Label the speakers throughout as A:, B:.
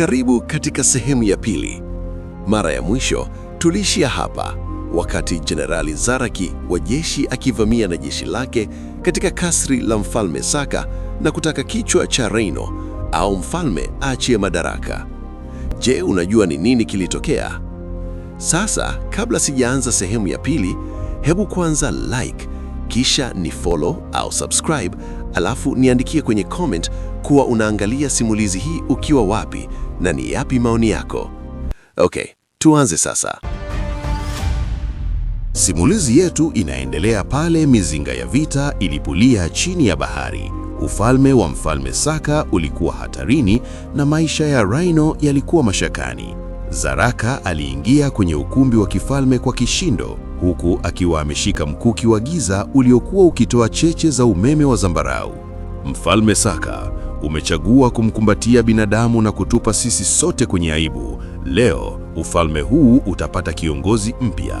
A: Karibu katika sehemu ya pili. Mara ya mwisho tuliishia hapa wakati Jenerali Zaraki wa jeshi akivamia na jeshi lake katika kasri la Mfalme Saka na kutaka kichwa cha Reino au mfalme aachie madaraka. Je, unajua ni nini kilitokea? Sasa kabla sijaanza sehemu ya pili, hebu kwanza like kisha ni follow au subscribe Alafu niandikie kwenye comment kuwa unaangalia simulizi hii ukiwa wapi na ni yapi maoni yako. Okay, tuanze sasa. Simulizi yetu inaendelea pale mizinga ya vita ilipulia chini ya bahari. Ufalme wa Mfalme Saka ulikuwa hatarini na maisha ya Rhino yalikuwa mashakani. Zaraka aliingia kwenye ukumbi wa kifalme kwa kishindo huku akiwa ameshika mkuki wa giza uliokuwa ukitoa cheche za umeme wa zambarau. Mfalme Saka, umechagua kumkumbatia binadamu na kutupa sisi sote kwenye aibu. Leo ufalme huu utapata kiongozi mpya.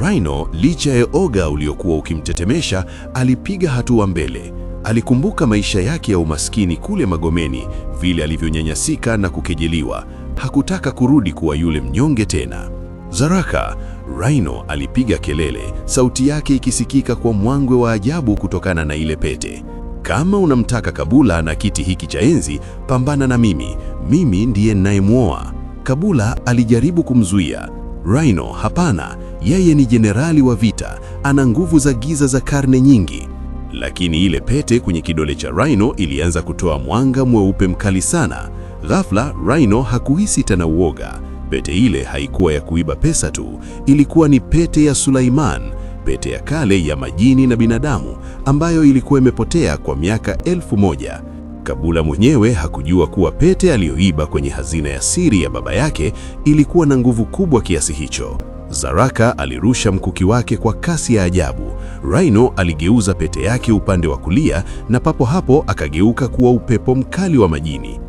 A: Rhino, licha ya oga uliokuwa ukimtetemesha, alipiga hatua mbele. Alikumbuka maisha yake ya umaskini kule Magomeni, vile alivyonyanyasika na kukejeliwa. Hakutaka kurudi kuwa yule mnyonge tena. Zaraka, Rhino alipiga kelele, sauti yake ikisikika kwa mwangwe wa ajabu kutokana na ile pete. Kama unamtaka Kabula na kiti hiki cha enzi, pambana na mimi. Mimi ndiye ninayemwoa. Kabula alijaribu kumzuia Rhino. Hapana, yeye ni jenerali wa vita, ana nguvu za giza za karne nyingi. Lakini ile pete kwenye kidole cha Rhino ilianza kutoa mwanga mweupe mkali sana. Ghafla Rhino hakuhisi tena uoga. Pete ile haikuwa ya kuiba pesa tu, ilikuwa ni pete ya Sulaiman, pete ya kale ya majini na binadamu ambayo ilikuwa imepotea kwa miaka elfu moja. Kabula mwenyewe hakujua kuwa pete aliyoiba kwenye hazina ya siri ya baba yake ilikuwa na nguvu kubwa kiasi hicho. Zaraka alirusha mkuki wake kwa kasi ya ajabu. Rhino aligeuza pete yake upande wa kulia na papo hapo akageuka kuwa upepo mkali wa majini.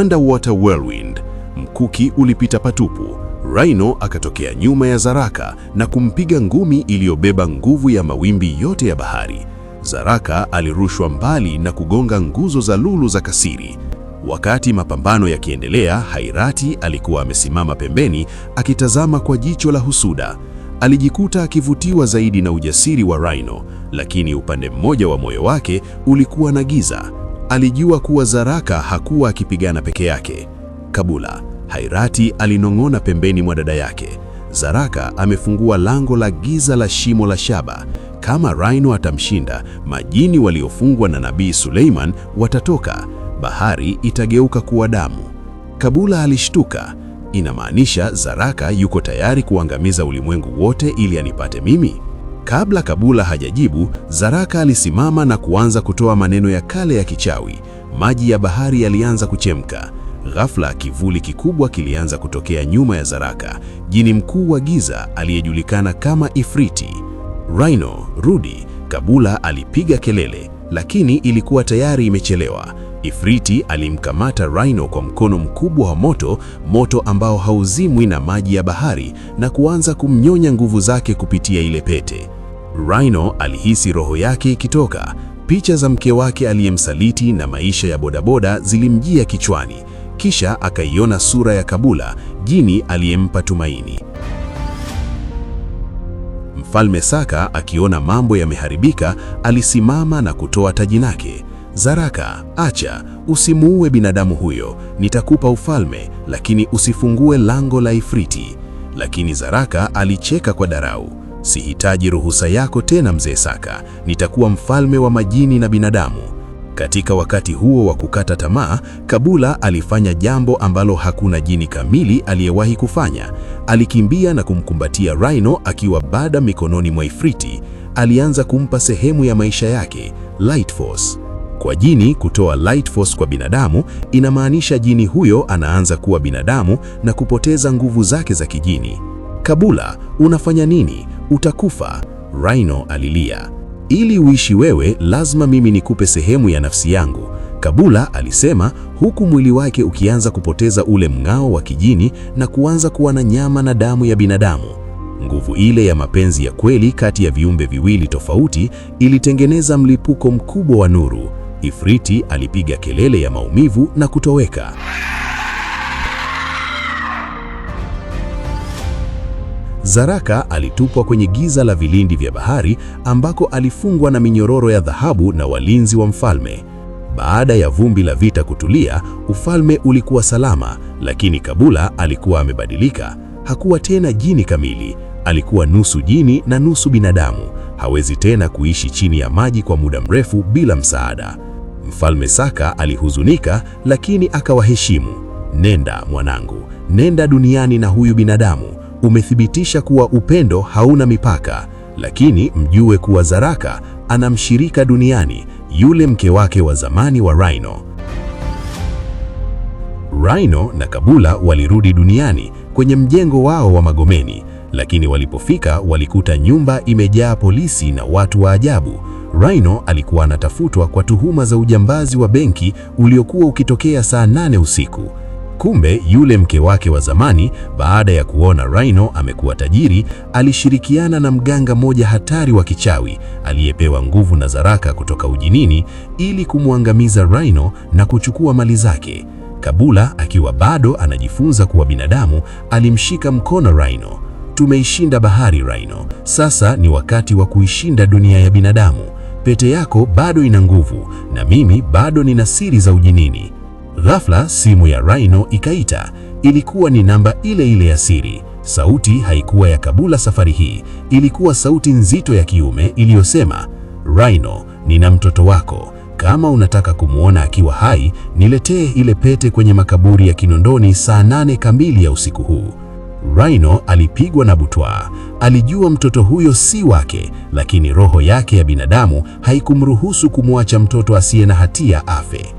A: Underwater whirlwind Mkuki ulipita patupu. Rhino akatokea nyuma ya Zaraka na kumpiga ngumi iliyobeba nguvu ya mawimbi yote ya bahari. Zaraka alirushwa mbali na kugonga nguzo za lulu za kasiri. Wakati mapambano yakiendelea, Hairati alikuwa amesimama pembeni akitazama kwa jicho la husuda. Alijikuta akivutiwa zaidi na ujasiri wa Rhino, lakini upande mmoja wa moyo wake ulikuwa na giza. Alijua kuwa Zaraka hakuwa akipigana peke yake. Kabula Hairati alinong'ona pembeni mwa dada yake. Zaraka amefungua lango la giza la shimo la shaba. Kama Rhino atamshinda, majini waliofungwa na Nabii Suleiman watatoka. Bahari itageuka kuwa damu. Kabula alishtuka. Inamaanisha Zaraka yuko tayari kuangamiza ulimwengu wote ili anipate mimi? Kabla Kabula hajajibu, Zaraka alisimama na kuanza kutoa maneno ya kale ya kichawi. Maji ya bahari yalianza kuchemka ghafla kivuli kikubwa kilianza kutokea nyuma ya Zaraka, jini mkuu wa giza aliyejulikana kama Ifriti. Rhino, rudi! Kabula alipiga kelele, lakini ilikuwa tayari imechelewa. Ifriti alimkamata Rhino kwa mkono mkubwa wa moto, moto ambao hauzimwi na maji ya bahari, na kuanza kumnyonya nguvu zake kupitia ile pete. Rhino alihisi roho yake ikitoka. Picha za mke wake aliyemsaliti na maisha ya bodaboda zilimjia kichwani kisha akaiona sura ya Kabula, jini aliyempa tumaini. Mfalme Saka akiona mambo yameharibika, alisimama na kutoa taji lake. Zaraka, acha, usimuue binadamu huyo, nitakupa ufalme, lakini usifungue lango la Ifriti. Lakini Zaraka alicheka kwa darau. Sihitaji ruhusa yako tena, mzee Saka, nitakuwa mfalme wa majini na binadamu. Katika wakati huo wa kukata tamaa, Kabula alifanya jambo ambalo hakuna jini kamili aliyewahi kufanya. Alikimbia na kumkumbatia Rhino akiwa bada mikononi mwa Ifriti. Alianza kumpa sehemu ya maisha yake, Light Force. Kwa jini kutoa Light Force kwa binadamu inamaanisha jini huyo anaanza kuwa binadamu na kupoteza nguvu zake za kijini. Kabula, unafanya nini? Utakufa, Rhino alilia. Ili uishi wewe, lazima mimi nikupe sehemu ya nafsi yangu, Kabula alisema, huku mwili wake ukianza kupoteza ule mng'ao wa kijini na kuanza kuwa na nyama na damu ya binadamu. Nguvu ile ya mapenzi ya kweli kati ya viumbe viwili tofauti ilitengeneza mlipuko mkubwa wa nuru. Ifriti alipiga kelele ya maumivu na kutoweka. Zaraka alitupwa kwenye giza la vilindi vya bahari ambako alifungwa na minyororo ya dhahabu na walinzi wa mfalme. Baada ya vumbi la vita kutulia, ufalme ulikuwa salama, lakini Kabula alikuwa amebadilika. Hakuwa tena jini kamili, alikuwa nusu jini na nusu binadamu. Hawezi tena kuishi chini ya maji kwa muda mrefu bila msaada. Mfalme Saka alihuzunika, lakini akawaheshimu. Nenda mwanangu, nenda duniani na huyu binadamu umethibitisha kuwa upendo hauna mipaka, lakini mjue kuwa Zaraka ana mshirika duniani, yule mke wake wa zamani wa Rhino. Rhino na Kabula walirudi duniani kwenye mjengo wao wa Magomeni, lakini walipofika walikuta nyumba imejaa polisi na watu wa ajabu. Rhino alikuwa anatafutwa kwa tuhuma za ujambazi wa benki uliokuwa ukitokea saa nane usiku. Kumbe yule mke wake wa zamani, baada ya kuona Rhino amekuwa tajiri, alishirikiana na mganga mmoja hatari wa kichawi aliyepewa nguvu na Zaraka kutoka ujinini ili kumwangamiza Rhino na kuchukua mali zake. Kabula akiwa bado anajifunza kuwa binadamu, alimshika mkono Rhino. Tumeishinda bahari Rhino, sasa ni wakati wa kuishinda dunia ya binadamu. Pete yako bado ina nguvu na mimi bado nina siri za ujinini. Ghafla simu ya Rhino ikaita. Ilikuwa ni namba ile ile ya siri. Sauti haikuwa ya Kabula safari hii, ilikuwa sauti nzito ya kiume iliyosema, Rhino, nina mtoto wako. Kama unataka kumwona akiwa hai, niletee ile pete kwenye makaburi ya Kinondoni saa nane kamili ya usiku huu. Rhino alipigwa na butwaa. Alijua mtoto huyo si wake, lakini roho yake ya binadamu haikumruhusu kumwacha mtoto asiye na hatia afe.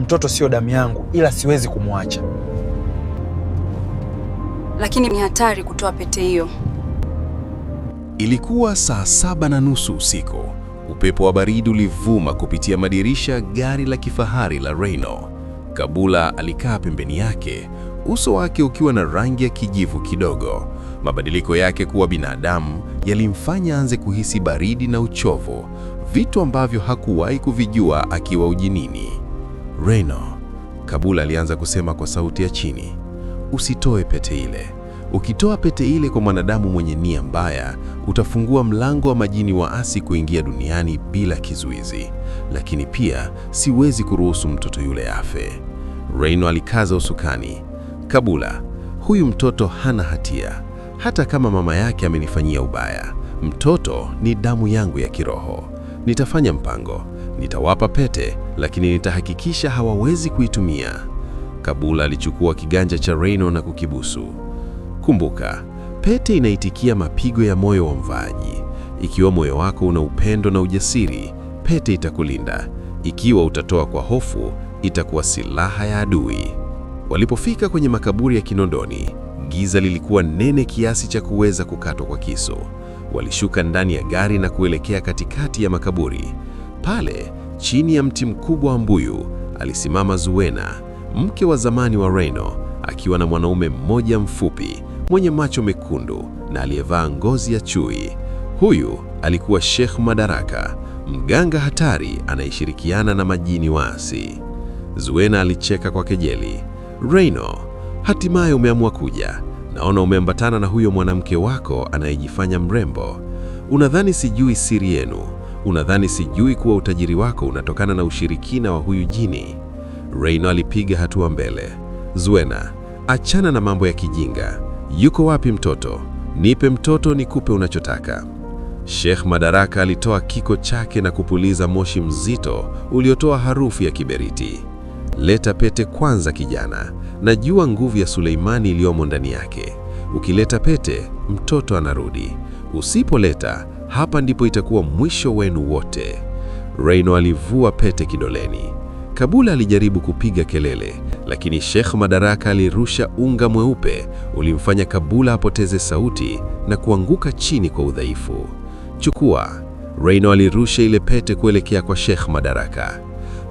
B: Mtoto sio damu yangu, ila siwezi kumwacha.
C: Lakini ni hatari kutoa pete hiyo.
A: Ilikuwa saa saba na nusu usiku. Upepo wa baridi ulivuma kupitia madirisha gari la kifahari la Reno. Kabula alikaa pembeni yake, uso wake ukiwa na rangi ya kijivu kidogo. Mabadiliko yake kuwa binadamu yalimfanya anze kuhisi baridi na uchovu, vitu ambavyo hakuwahi kuvijua akiwa ujinini reino kabula alianza kusema kwa sauti ya chini, usitoe pete ile. Ukitoa pete ile kwa mwanadamu mwenye nia mbaya, utafungua mlango wa majini waasi kuingia duniani bila kizuizi. Lakini pia siwezi kuruhusu mtoto yule afe. reino alikaza usukani. Kabula, huyu mtoto hana hatia. Hata kama mama yake amenifanyia ubaya, mtoto ni damu yangu ya kiroho. Nitafanya mpango. Nitawapa pete, lakini nitahakikisha hawawezi kuitumia. Kabula alichukua kiganja cha Reino na kukibusu. Kumbuka, pete inaitikia mapigo ya moyo wa mvaaji. Ikiwa moyo wako una upendo na ujasiri, pete itakulinda. Ikiwa utatoa kwa hofu, itakuwa silaha ya adui. Walipofika kwenye makaburi ya Kinondoni, giza lilikuwa nene kiasi cha kuweza kukatwa kwa kisu. Walishuka ndani ya gari na kuelekea katikati ya makaburi. Pale chini ya mti mkubwa wa mbuyu alisimama zuena mke wa zamani wa reino akiwa na mwanaume mmoja mfupi mwenye macho mekundu na aliyevaa ngozi ya chui. Huyu alikuwa Sheikh Madaraka, mganga hatari anayeshirikiana na majini waasi. zuena alicheka kwa kejeli. Reyno, hatimaye umeamua kuja. Naona umeambatana na huyo mwanamke wako anayejifanya mrembo. Unadhani sijui siri yenu? Unadhani sijui kuwa utajiri wako unatokana na ushirikina wa huyu jini? Reino alipiga hatua mbele. Zuena, achana na mambo ya kijinga. Yuko wapi mtoto? Nipe mtoto nikupe unachotaka. Sheikh Madaraka alitoa kiko chake na kupuliza moshi mzito uliotoa harufu ya kiberiti. Leta pete kwanza, kijana. Najua nguvu ya Suleimani iliyomo ndani yake. Ukileta pete, mtoto anarudi. Usipoleta, hapa ndipo itakuwa mwisho wenu wote. Reino alivua pete kidoleni. Kabula alijaribu kupiga kelele, lakini Sheikh Madaraka alirusha unga mweupe ulimfanya Kabula apoteze sauti na kuanguka chini kwa udhaifu. Chukua. Reino alirusha ile pete kuelekea kwa Sheikh Madaraka.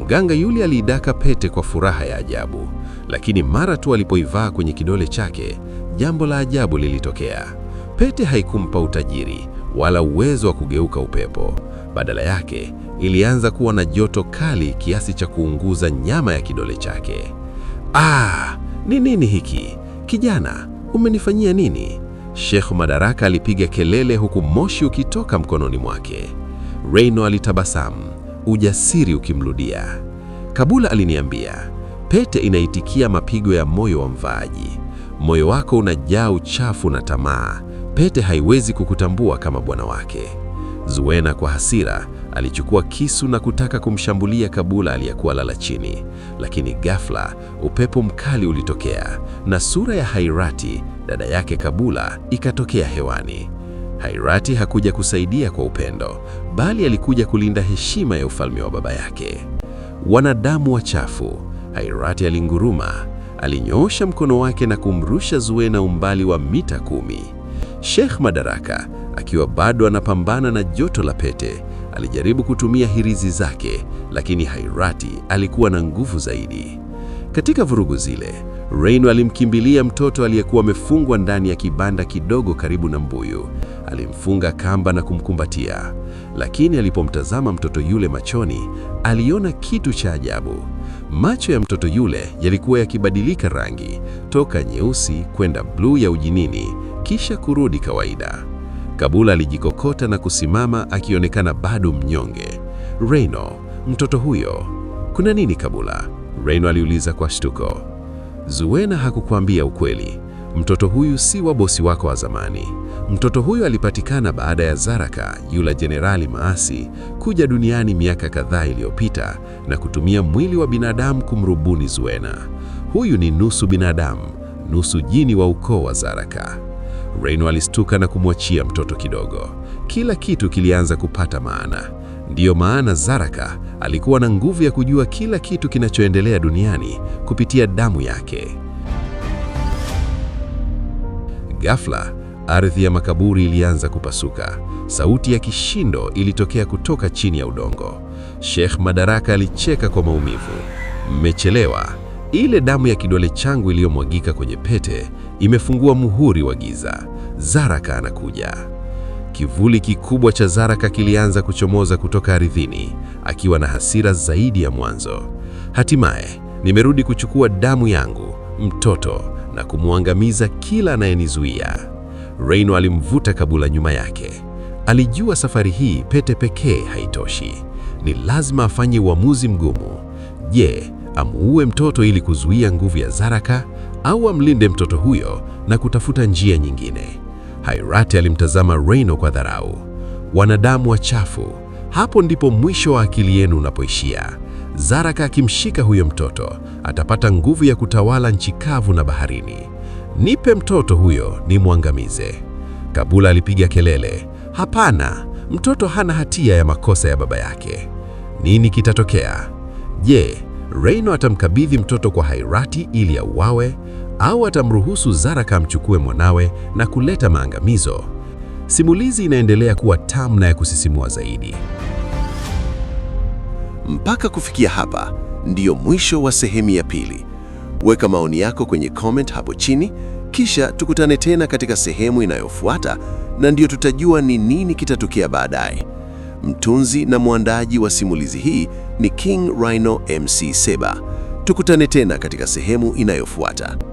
A: Mganga yule aliidaka pete kwa furaha ya ajabu, lakini mara tu alipoivaa kwenye kidole chake, jambo la ajabu lilitokea. Pete haikumpa utajiri, wala uwezo wa kugeuka upepo. Badala yake, ilianza kuwa na joto kali kiasi cha kuunguza nyama ya kidole chake. Ah, ni nini hiki? Kijana, umenifanyia nini? Sheikh Madaraka alipiga kelele huku moshi ukitoka mkononi mwake. Reino alitabasamu, ujasiri ukimrudia. Kabula aliniambia, pete inaitikia mapigo ya moyo wa mvaaji. Moyo wako unajaa uchafu na tamaa, Pete haiwezi kukutambua kama bwana wake. Zuena kwa hasira alichukua kisu na kutaka kumshambulia Kabula aliyekuwa lala chini, lakini ghafla upepo mkali ulitokea na sura ya Hairati, dada yake Kabula, ikatokea hewani. Hairati hakuja kusaidia kwa upendo, bali alikuja kulinda heshima ya ufalme wa baba yake. Wanadamu wachafu! Hairati alinguruma, alinyoosha mkono wake na kumrusha Zuena umbali wa mita kumi. Sheikh Madaraka akiwa bado anapambana na joto la pete, alijaribu kutumia hirizi zake, lakini Hairati alikuwa na nguvu zaidi. Katika vurugu zile, Reino alimkimbilia mtoto aliyekuwa amefungwa ndani ya kibanda kidogo karibu na mbuyu. Alimfunga kamba na kumkumbatia, lakini alipomtazama mtoto yule machoni, aliona kitu cha ajabu. Macho ya mtoto yule yalikuwa yakibadilika rangi toka nyeusi kwenda bluu ya ujinini kisha kurudi kawaida. Kabula alijikokota na kusimama akionekana bado mnyonge. Reino, mtoto huyo, kuna nini Kabula? Reino aliuliza kwa shtuko. Zuena hakukuambia ukweli. Mtoto huyu si wa bosi wako wa zamani. Mtoto huyu alipatikana baada ya Zaraka, yule jenerali maasi, kuja duniani miaka kadhaa iliyopita na kutumia mwili wa binadamu kumrubuni Zuena. Huyu ni nusu binadamu, nusu jini wa ukoo wa Zaraka reino alistuka na kumwachia mtoto kidogo. Kila kitu kilianza kupata maana. Ndiyo maana Zaraka alikuwa na nguvu ya kujua kila kitu kinachoendelea duniani kupitia damu yake. Ghafla, ardhi ya makaburi ilianza kupasuka. Sauti ya kishindo ilitokea kutoka chini ya udongo. Sheikh Madaraka alicheka kwa maumivu. Mmechelewa. Ile damu ya kidole changu iliyomwagika kwenye pete imefungua muhuri wa giza. Zaraka anakuja. Kivuli kikubwa cha Zaraka kilianza kuchomoza kutoka ardhini, akiwa na hasira zaidi ya mwanzo. Hatimaye nimerudi kuchukua damu yangu, mtoto, na kumwangamiza kila anayenizuia. Reino alimvuta Kabula nyuma yake. Alijua safari hii pete pekee haitoshi, ni lazima afanye uamuzi mgumu. Je, amuue mtoto ili kuzuia nguvu ya Zaraka au amlinde mtoto huyo na kutafuta njia nyingine. Hairati alimtazama Reino kwa dharau. Wanadamu wachafu, hapo ndipo mwisho wa akili yenu unapoishia. Zaraka akimshika huyo mtoto atapata nguvu ya kutawala nchi kavu na baharini. Nipe mtoto huyo nimwangamize. Kabula alipiga kelele, hapana, mtoto hana hatia ya makosa ya baba yake. Nini kitatokea? Je, Reino atamkabidhi mtoto kwa Hairati ili auawe au atamruhusu Zaraka amchukue mwanawe na kuleta maangamizo. Simulizi inaendelea kuwa tamu na ya kusisimua zaidi. Mpaka kufikia hapa ndiyo mwisho wa sehemu ya pili. Weka maoni yako kwenye comment hapo chini, kisha tukutane tena katika sehemu inayofuata, na ndiyo tutajua ni nini kitatokea baadaye. Mtunzi na mwandaji wa simulizi hii ni King Rhino MC Seba. Tukutane tena katika sehemu inayofuata.